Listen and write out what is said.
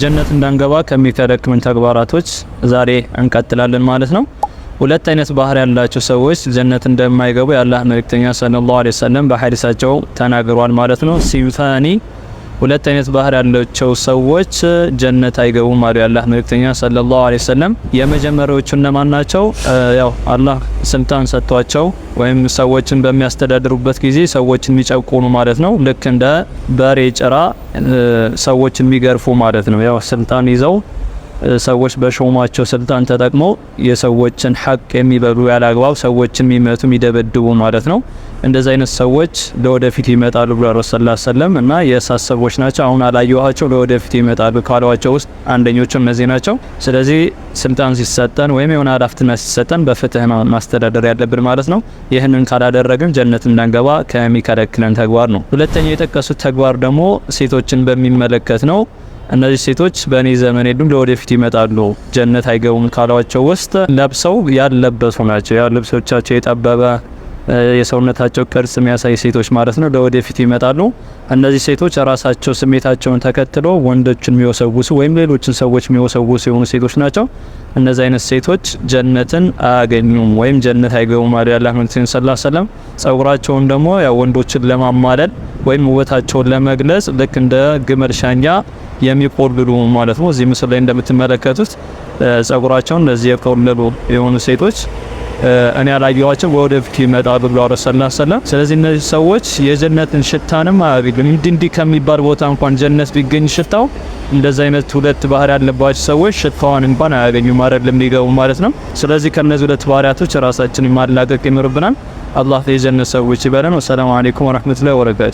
ጀነት እንዳንገባ ከሚከለክሉን ተግባራቶች ዛሬ እንቀጥላለን ማለት ነው። ሁለት አይነት ባህሪ ያላቸው ሰዎች ጀነት እንደማይገቡ የአላህ መልእክተኛ ሰለላሁ ዐለይሂ ወሰለም በሐዲሳቸው ተናግሯል ማለት ነው ሲዩታኒ ሁለት አይነት ባህር ያላቸው ሰዎች ጀነት አይገቡም አሉ የአላህ መልእክተኛ ሰለላሁ ዐለይሂ ወሰለም። የመጀመሪያዎቹ እነማን ናቸው? ያው አላህ ስልጣን ሰጥቷቸው ወይም ሰዎችን በሚያስተዳድሩበት ጊዜ ሰዎችን የሚጨቁኑ ማለት ነው። ልክ እንደ በሬ ጭራ ሰዎችን የሚገርፉ ማለት ነው። ያው ስልጣን ይዘው ሰዎች በሾማቸው ስልጣን ተጠቅመው የሰዎችን ሐቅ የሚበሉ ያለ አግባብ ሰዎችን የሚመቱ የሚደበድቡ ማለት ነው። እንደዚህ አይነት ሰዎች ለወደፊት ይመጣሉ ብሏል ረሱላ ሰለላሁ ዐለይሂ ወሰለም። እና የእሳት ሰዎች ናቸው። አሁን አላየኋቸው ለወደፊት ይመጣሉ ካሏቸው ውስጥ አንደኞቹ እነዚህ ናቸው። ስለዚህ ስልጣን ሲሰጠን ወይም የሆነ ኃላፊነት ሲሰጠን በፍትህ ማስተዳደር ያለብን ማለት ነው። ይህንን ካላደረግን ጀነት እንዳንገባ ከሚከለክለን ተግባር ነው። ሁለተኛ የጠቀሱት ተግባር ደግሞ ሴቶችን በሚመለከት ነው። እነዚህ ሴቶች በእኔ ዘመን የሉም ለወደፊት ይመጣሉ ጀነት አይገቡም ካሏቸው ውስጥ ለብሰው ያለበሱ ናቸው። ያ ልብሶቻቸው የጠበበ የሰውነታቸው ቅርጽ የሚያሳይ ሴቶች ማለት ነው ለወደፊት ይመጣሉ። እነዚህ ሴቶች ራሳቸው ስሜታቸውን ተከትሎ ወንዶችን የሚወሰውሱ ወይም ሌሎችን ሰዎች የሚወሰውሱ የሆኑ ሴቶች ናቸው። እነዚህ አይነት ሴቶች ጀነትን አያገኙም ወይም ጀነት አይገቡም አለ ያለ መልእክተኛ ሰለላሁ ዐለይሂ ሰለም። ጸጉራቸውን ደግሞ ያው ወንዶችን ለማማለል ወይም ውበታቸውን ለመግለጽ ልክ እንደ ግመል ሻኛ የሚቆልሉ ማለት ነው። እዚህ ምስል ላይ እንደምትመለከቱት ጸጉራቸውን ለዚህ የቆለሉ የሆኑ ሴቶች እኔ አላየኋቸው ወደፊት ይመጣሉ ብሎ ረሰልና ሰለም። ስለዚህ እነዚህ ሰዎች የጀነትን ሽታንም አያገኙም። እንዲንዲ ከሚባል ቦታ እንኳን ጀነት ቢገኝ ሽታው እንደዛ አይነት ሁለት ባህሪ ያለባቸው ሰዎች ሽታዋን እንኳን አያገኙ አይደለም ለሚገቡ ማለት ነው። ስለዚህ ከነዚህ ሁለት ባህሪያቶች ራሳችንን ማላቀቅ ይኖርብናል። አላህ የጀነት ሰዎች ይበለን። ወሰላሙ አለይኩም ወረህመቱላሂ ወበረካቱ